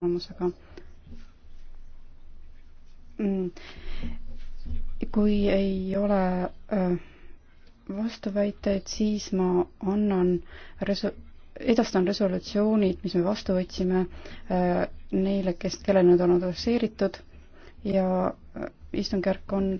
arvamusega. Mm. kui ei ole äh, vastuväiteid, siis ma annan reso-, edastan resolutsioonid, mis me vastu võtsime äh, neile, kes, kellele need on adresseeritud ja äh, istungjärk on